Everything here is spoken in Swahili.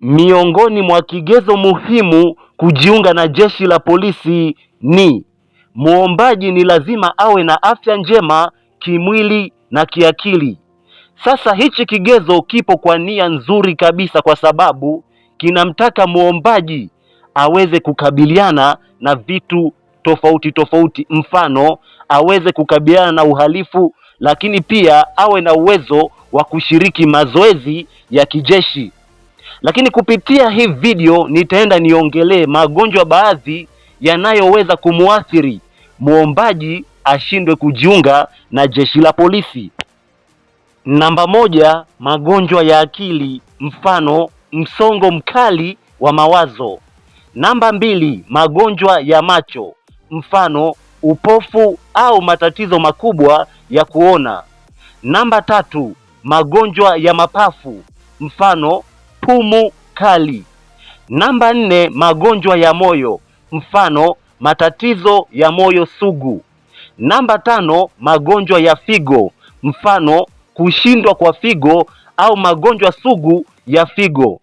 Miongoni mwa kigezo muhimu kujiunga na Jeshi la Polisi ni muombaji ni lazima awe na afya njema kimwili na kiakili. Sasa hichi kigezo kipo kwa nia nzuri kabisa, kwa sababu kinamtaka muombaji aweze kukabiliana na vitu tofauti tofauti, mfano aweze kukabiliana na uhalifu, lakini pia awe na uwezo wa kushiriki mazoezi ya kijeshi. Lakini kupitia hii video nitaenda niongelee magonjwa baadhi yanayoweza kumuathiri muombaji ashindwe kujiunga na jeshi la polisi. Namba moja, magonjwa ya akili, mfano msongo mkali wa mawazo. Namba mbili, magonjwa ya macho, mfano upofu au matatizo makubwa ya kuona. Namba tatu, magonjwa ya mapafu, mfano pumu kali. Namba nne, magonjwa ya moyo, mfano matatizo ya moyo sugu. Namba tano, magonjwa ya figo, mfano kushindwa kwa figo au magonjwa sugu ya figo.